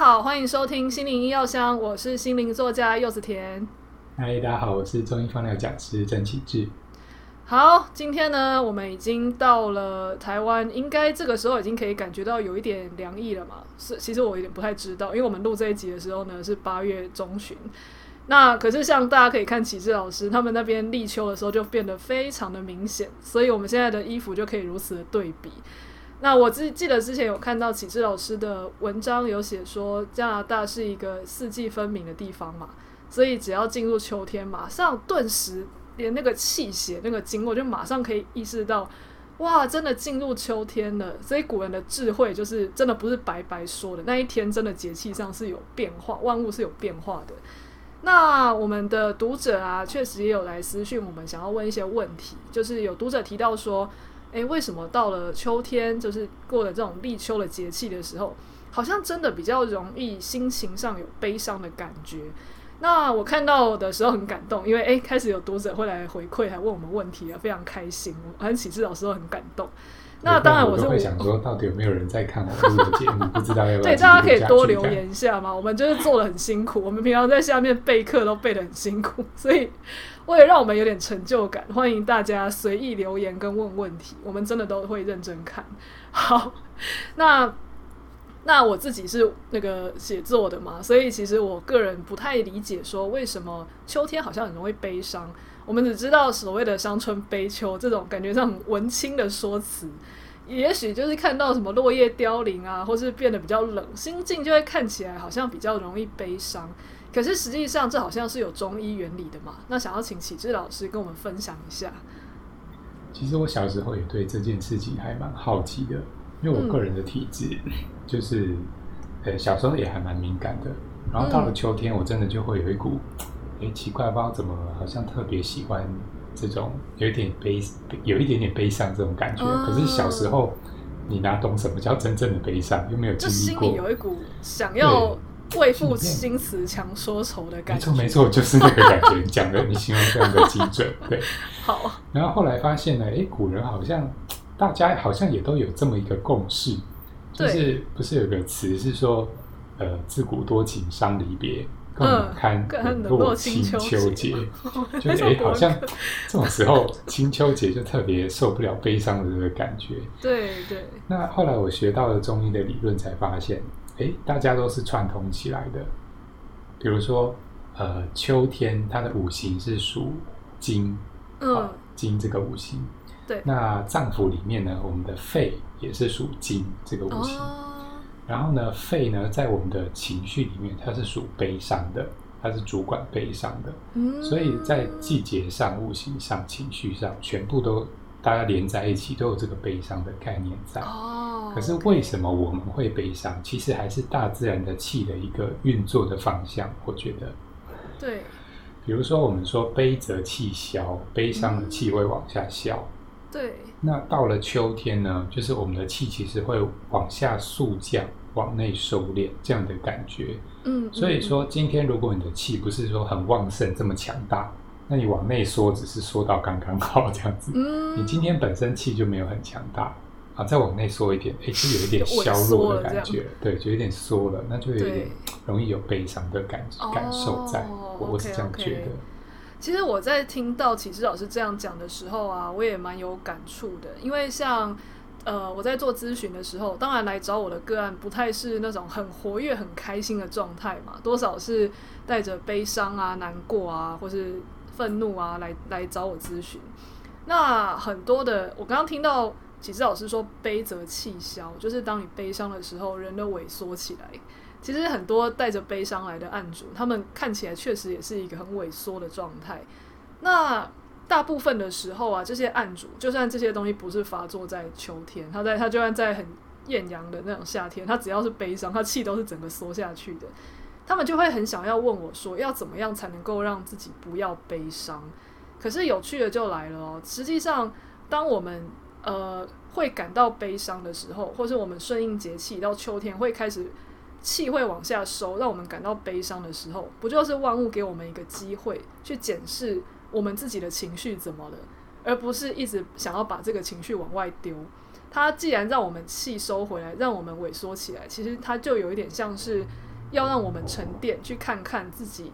大家好，歡迎收聽心靈醫藥箱，我是心靈作家柚子甜。嗨，大家好，我是中醫芳療講師陳啟志。好，今天呢，我們已經到了台灣，應該這個時候已經可以感覺到有一點涼意了嘛？是，其實我有一點不太知道，因為我們錄這一集的時候呢，是八月中旬。那可是像大家可以看啟志老師他們那邊立秋的時候就變得非常的明顯，所以我們現在的衣服就可以如此的對比。那我記記得之前有看到啟志老師的文章，有寫說加拿大是一個四季分明的地方嘛，所以只要進入秋天，馬上頓時連那個氣血那個經絡就馬上可以意識到，哇，真的進入秋天了。所以古人的智慧就是真的不是白白說的，那一天真的節氣上是有變化，萬物是有變化的。那我們的讀者啊，確實也有來私訊我們，想要問一些問題，就是有讀者提到說，誒、欸，為什麼到了秋天，就是過了這種立秋的節氣的時候，好像真的比較容易心情上有悲傷的感覺？那我看到的時候很感動，因為誒、欸，開始有讀者會來回饋，還問我們問題，非常開心。我跟啟志老師都很感動。那當然我就， 當然我都會想說，到底有沒有人在看我的節目？嗯嗯、不知道要不要對，大家可以多留言一下嘛。我們就是做得很辛苦，我們平常在下面備課都備得很辛苦，所以為了讓我們有點成就感，歡迎大家隨意留言跟問問題，我們真的都會認真看。好，那那我自己是那個寫作的嘛，所以其實我個人不太理解，說為什麼秋天好像很容易悲傷。我們只知道所謂的“傷春悲秋”這種感覺上很文青的說辭，也許就是看到什麼落葉凋零啊，或是變得比較冷，心境就會看起來好像比較容易悲傷。可是實際上，這好像是有中醫原理的嘛？那想要請啟志老師跟我們分享一下。其實我小時候也對這件事情還蠻好奇的，因為我個人的體質就是，嗯就是、呃，小時候也還蠻敏感的。然後到了秋天，我真的就會有一股。哎，奇怪，不知道怎麼，好像特別喜歡這種有一點悲，有一點點悲傷這種感覺。嗯、可是小時候，你哪懂什麼叫真正的悲傷？又沒有經歷過。就心裡有一股想要為賦對新詞強說愁的感覺。沒錯，沒錯，就是那個感覺。你 講的，你形容非常的精準。對， 好。然後後來發現呢，誒，古人好像大家好像也都有這麼一個共識，對就是不是有個詞是說，呃，自古多情傷離別。更堪冷落清秋節，嗯、更清秋節， 就是哎，欸，好像 這種時候，清秋節就特別受不了悲傷的這個感覺。對對。對，那後來我學到了中醫的理論，才發現，哎，欸，大家都是串通起來的。比如說，呃，秋天它的五行是屬金，嗯，啊，金這個五行。對那臟腑裡面呢，我們的肺也是屬金這個五行。哦然後呢，肺呢，在我們的情緒裡面，它是屬悲傷的，它是主管悲傷的。嗯，所以在季節上、五行上、情緒上，全部都大家連在一起，都有這個悲傷的概念在。哦。Oh, okay. 可是為什麼我們會悲傷？其實還是大自然的氣的一個運作的方向。我覺得。對。比如說，我們說悲則氣消，悲傷的氣會往下消。嗯、對。那到了秋天呢，就是我們的氣其實會往下肅降。往內收斂這樣的感覺，嗯，所以說今天如果你的氣不是說很旺盛、嗯、這麼強大，那你往內縮只是縮到剛剛好這樣子。嗯，你今天本身氣就沒有很強大，啊，再往內縮一點，哎、欸，就有一點削弱的感覺，對，就有點縮了，那就有一點容易有悲傷的感對感受在，oh, 我是這樣覺得。Okay, okay. 其實我在聽到啟志老師這樣講的時候啊，我也蠻有感觸的，因為像。呃，我在做諮詢的時候，當然來找我的個案不太是那種很活躍、很開心的狀態嘛，多少是帶着悲傷啊、難過啊，或是憤怒啊來來找我諮詢。那很多的，我剛剛聽到啟志老師說“悲則氣消”，就是當你悲傷的時候，人都萎縮起來。其實很多帶着悲傷來的案主，他們看起來確實也是一個很萎縮的狀態。那大部分的時候啊，這些案主就算這些東西不是發作在秋天，他在他就算在很豔陽的那種夏天，他只要是悲傷，他氣都是整個縮下去的。他們就會很想要問我說，要怎麼樣才能夠讓自己不要悲傷？可是有趣的就來了哦，實際上當我們呃會感到悲傷的時候，或是我們順應節氣到秋天，會開始氣會往下收，讓我們感到悲傷的時候，不就是萬物給我們一個機會去檢視？我們自己的情緒怎麼了？而不是一直想要把這個情緒往外丟。它既然讓我們氣收回來，讓我們萎縮起來，其實它就有一點像是要讓我們沉澱，去看看自己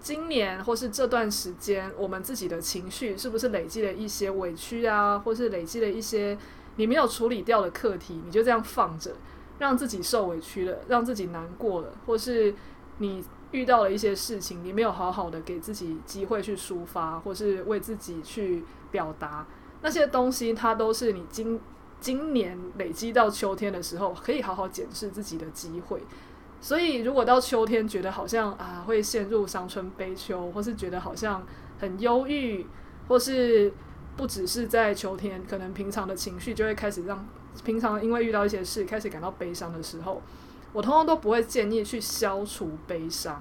今年或是這段時間，我們自己的情緒是不是累積了一些委屈啊，或是累積了一些你沒有處理掉的課題，你就這樣放着，讓自己受委屈了，讓自己難過了，或是你。遇到了一些事情，你沒有好好的給自己機會去抒發，或是為自己去表達那些東西，它都是你今今年累積到秋天的時候，可以好好檢視自己的機會。所以，如果到秋天覺得好像啊，會陷入傷春悲秋，或是覺得好像很憂鬱，或是不只是在秋天，可能平常的情緒就會開始讓平常因為遇到一些事開始感到悲傷的時候。我通常都不會建議去消除悲傷，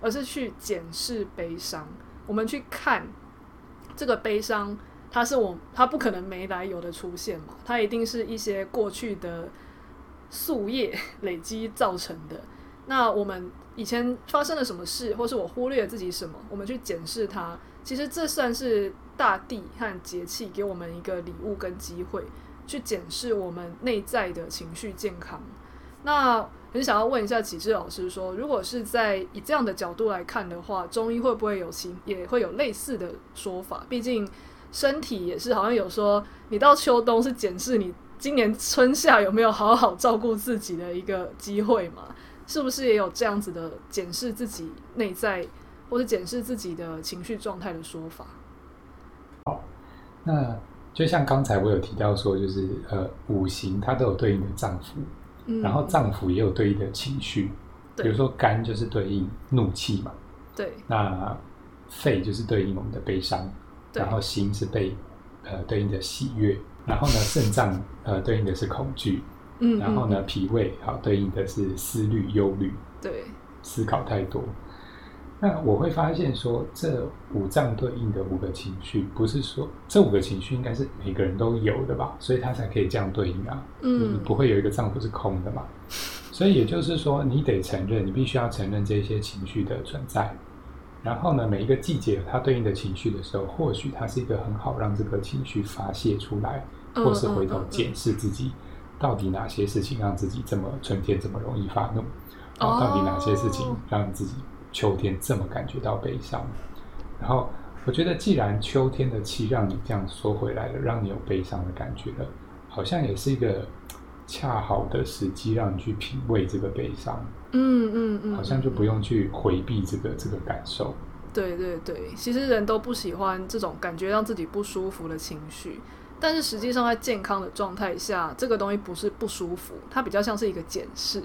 而是去檢視悲傷。我們去看這個悲傷，它是我，它不可能沒來由的出現嘛？它一定是一些過去的宿業累積造成的。那我們以前發生了什麼事，或是我忽略了自己什麼？我們去檢視它。其實這算是大地和節氣給我們一個禮物跟機會，去檢視我們內在的情緒健康。那。很想要問一下啟志老師說，說如果是在以這樣的角度來看的話，中醫會不會有形也會有類似的說法？畢竟身體也是好像有說，你到秋冬是檢視你今年春夏有沒有好好照顧自己的一個機會嘛？是不是也有這樣子的檢視自己內在或是檢視自己的情緒狀態的說法？好，那就像剛才我有提到說，就是呃，五行它都有對應的臟腑。然後臟腑也有對應的情緒，嗯、比如說肝就是對應怒氣嘛，對。那肺就是對應我們的悲傷，對然後心是被呃對應的喜悅，然後呢腎臟呃對應的是恐懼，嗯，嗯，嗯。然後呢脾胃好、呃、對應的是思慮憂慮，對，思考太多。那我會發現說，這五臟對應的五個情緒，不是說這五個情緒應該是每個人都有的吧？所以他才可以這樣對應啊。嗯，嗯，不會有一個臟腑是空的嘛？所以也就是說，你得承認，你必須要承認這些情緒的存在。然後呢，每一個季節它對應的情緒的時候，或許它是一個很好讓這個情緒發洩出來，或是回頭檢視自己到底哪些事情讓自己這麼春天這麼容易發怒，到底哪些事情讓自己、哦。秋天這麼感覺到悲傷，然後我覺得，既然秋天的氣讓你這樣縮回來了，讓你有悲傷的感覺了，好像也是一個恰好的時機，讓你去品味這個悲傷。嗯，嗯嗯嗯，好像就不用去回避這個這個感受。對對對，其實人都不喜歡這種感覺讓自己不舒服的情緒，但是實際上在健康的狀態下，這個東西不是不舒服，它比較像是一個檢視。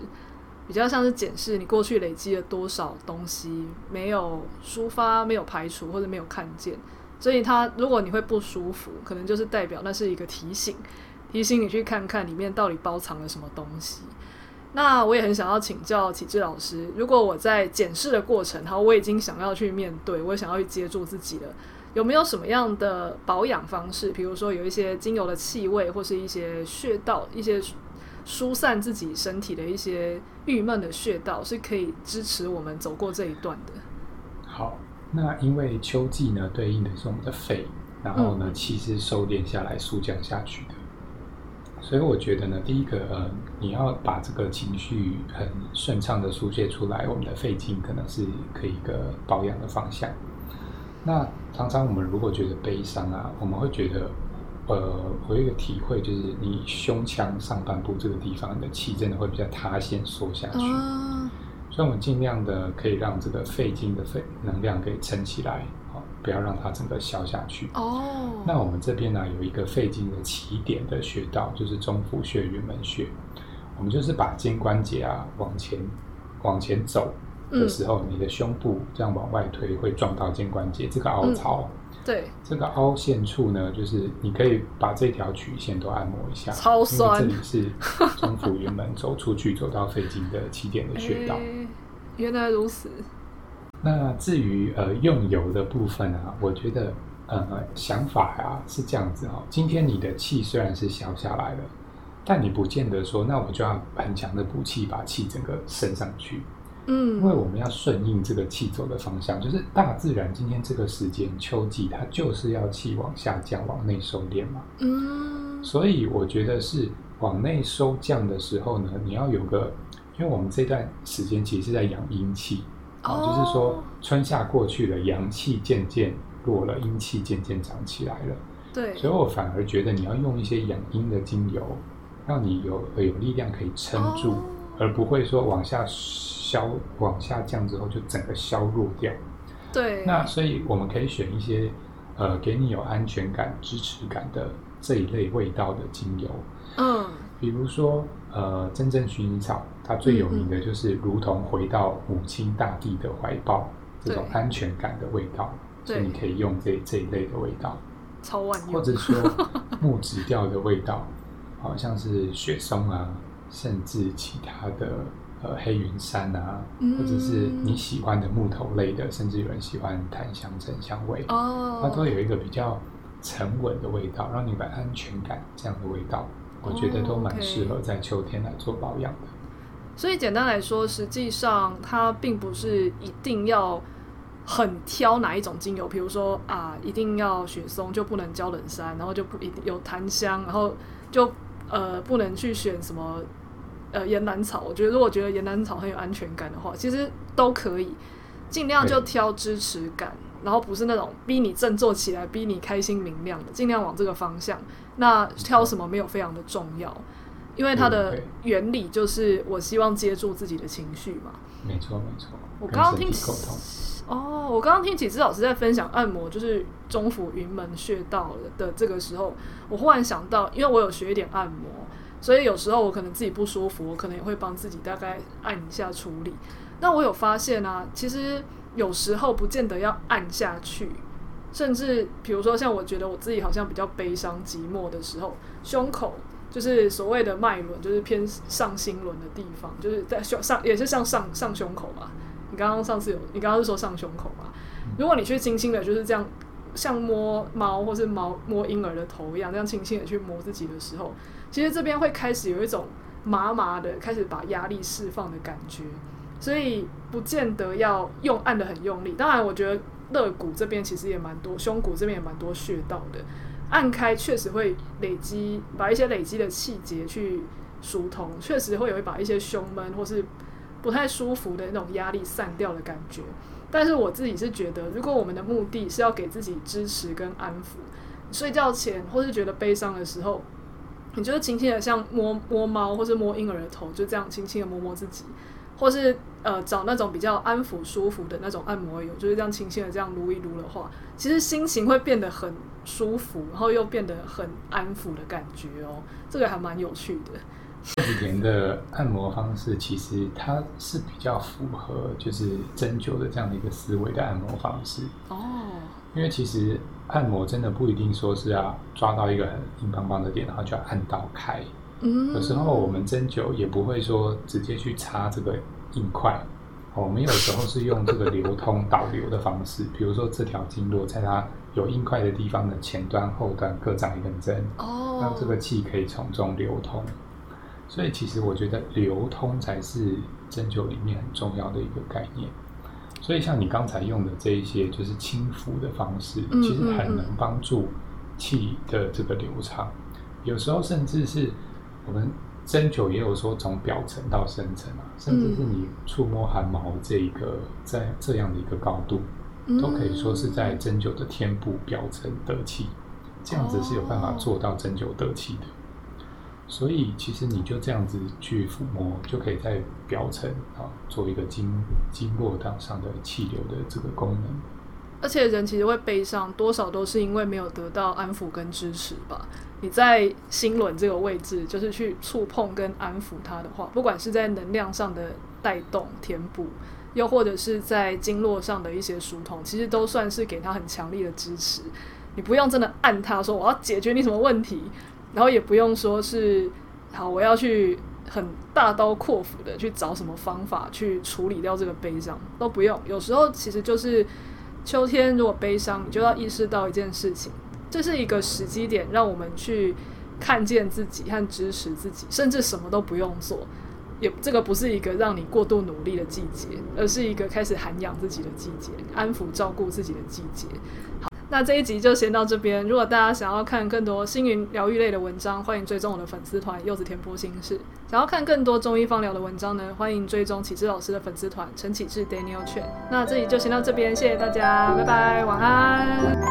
比較像是檢視你過去累積了多少東西，沒有抒發、沒有排除或者沒有看見，所以它如果你會不舒服，可能就是代表那是一個提醒，提醒你去看看裡面到底包藏了什麼東西。那我也很想要請教啟志老師，如果我在檢視的過程，然後我已經想要去面對，我也想要去接住自己了，有沒有什麼樣的保養方式？比如說有一些精油的氣味，或是一些穴道，一些。疏散自己身體的一些鬱悶的穴道，是可以支持我們走過這一段的。好，那因為秋季呢，對應的是我們的肺，然後呢，氣是收斂下來、肅降下去的。所以我覺得呢，第一個，呃，你要把這個情緒很順暢的疏泄出來，我們的肺經可能是可以一個保養的方向。那常常我們如果覺得悲傷啊，我們會覺得。呃，我有一個體會，就是你胸腔上半部這個地方，你的氣真的會比較塌陷，縮下去，oh. 所以我們盡量的可以讓這個肺經的肺能量給撐起來、哦，不要讓它整個消下去。哦。Oh. 那我們這邊呢，啊，有一個肺經的起點的穴道，就是中府穴，雲門穴。我們就是把肩關節啊往前、往前走的時候，嗯，你的胸部這樣往外推，會撞到肩關節，嗯，這個凹槽。對，這個凹陷處呢，就是你可以把這條曲線都按摩一下，超酸。因為這裡是中府雲門，走出去走到肺經的起點的穴道。原來如此。那至於呃用油的部分啊，我覺得呃想法啊是這樣子哦。今天你的氣雖然是消下來了，但你不見得說那我就要很強的補氣，把氣整個升上去。嗯，因為我們要順應這個氣走的方向，就是大自然今天這個時間，秋季它就是要氣往下降，往內收斂嘛。嗯，所以我覺得是往內收降的時候呢，你要有個，因為我們這段時間其實是在養陰氣，oh. 啊，就是說春夏過去了，陽氣漸漸弱了，陰氣漸漸長起來了。對，所以我反而覺得你要用一些養陰的精油，讓你有有力量可以撐住。Oh. 而不會說往下消、往下降之後就整個削弱掉。對。那所以我們可以選一些呃，給你有安全感、支持感的這一類味道的精油。嗯。比如說呃，真正薰衣草，它最有名的就是如同回到母親大地的懷抱，嗯嗯，這種安全感的味道，對所以你可以用這這一類的味道。超萬用。或者說木質調的味道，好、 啊、像是雪松啊。甚至其他的呃黑雲杉啊，或者是你喜歡的木頭類的，嗯、甚至有人喜歡檀香沉香味，哦、它都有一個比較沉穩的味道，讓你有安全感這樣的味道，哦、我覺得都蠻適合在秋天來做保養的。所以簡單來說，實際上它並不是一定要很挑哪一種精油，比如說啊，一定要雪松就不能膠冷杉，然後就不一定有檀香，然後就呃不能去選什麼。呃，岩蘭草，我覺得如果覺得岩蘭草很有安全感的話，其實都可以，儘量就挑支持感，對然後不是那種逼你振作起來，逼你開心明亮的，儘量往這個方向。那挑什麼沒有非常的重要，因為它的原理就是我希望接住自己的情緒嘛。沒錯，沒錯。我剛剛聽、嗯嗯嗯嗯、哦，我剛剛聽啟志老師在分享按摩，就是中府、雲門穴道的這個時候，我忽然想到，因為我有學一點按摩。所以有時候我可能自己不舒服，我可能也會幫自己大概按一下處理。那我有發現啊，其實有時候不見得要按下去，甚至比如說像我覺得我自己好像比較悲傷寂寞的時候，胸口就是所謂的脈輪，就是偏上心輪的地方，就是在胸上也是像上上上胸口嘛。你剛剛上次有，你剛剛是說上胸口嘛。如果你去輕輕的，就是這樣像摸貓或是摸摸嬰兒的頭一樣，這樣輕輕的去摸自己的時候。其實這邊會開始有一種麻麻的，開始把壓力釋放的感覺，所以不見得要用按得很用力。當然，我覺得肋骨這邊其實也蠻多，胸骨這邊也蠻多穴道的，按開確實會累積，把一些累積的氣結去疏通，確實會有一把一些胸悶或是不太舒服的那種壓力散掉的感覺。但是我自己是覺得，如果我們的目的是要給自己支持跟安撫，睡覺前或是覺得悲傷的時候。你就是輕輕的像摸摸貓，或是摸嬰兒的頭，就這樣輕輕的摸摸自己，或是呃找那種比較安撫、舒服的那種按摩油，就是這樣輕輕的這樣擼一擼的話，其實心情會變得很舒服，然後又變得很安撫的感覺哦，這個還蠻有趣的。這一年的按摩方式其實它是比較符合就是針灸的這樣的一個思維的按摩方式哦。因為其實按摩真的不一定說是要、啊、抓到一個很硬邦邦的點，然後就要按到開。嗯、有時候我們針灸也不會說直接去插這個硬塊，我、哦、們有時候是用這個流通導流的方式。 比如說這條經絡在它有硬塊的地方的前端、後端各長一根針，讓、哦、這個氣可以從中流通。所以其實我覺得流通才是針灸裡面很重要的一個概念。所以，像你剛才用的這一些，就是輕撫的方式，嗯嗯嗯，其實很能幫助氣的這個流暢。有時候，甚至是我們針灸也有說，從表層到深層啊，嗯、甚至是你觸摸汗毛這一個，在這樣的一個高度，嗯、都可以說是在針灸的天部表層得氣，這樣子是有辦法做到針灸得氣的。哦所以其實你就這樣子去撫摸，就可以在表層啊做一個經經絡道上的氣流的這個功能。而且人其實會悲傷，多少都是因為沒有得到安撫跟支持吧。你在心輪這個位置，就是去觸碰跟安撫他的話，不管是在能量上的帶動填補，又或者是在經絡上的一些疏通，其實都算是給他很強力的支持。你不用真的按他說，我要解決你什麼問題。然後也不用說是好，我要去很大刀闊斧的去找什麼方法去處理掉這個悲傷，都不用。有時候其實就是秋天，如果悲傷，你就要意識到一件事情，這是一個時機點，讓我們去看見自己和支持自己，甚至什麼都不用做。也這個不是一個讓你過度努力的季節，而是一個開始涵養自己的季節，安撫照顧自己的季節。好。那這一集就先到這邊。如果大家想要看更多心靈療癒類的文章，歡迎追蹤我的粉絲團柚子甜剝心事。想要看更多中醫芳療的文章呢，歡迎追蹤啟志老師的粉絲團陳啟志 Daniel Chen。那這集就先到這邊，謝謝大家，拜拜，晚安。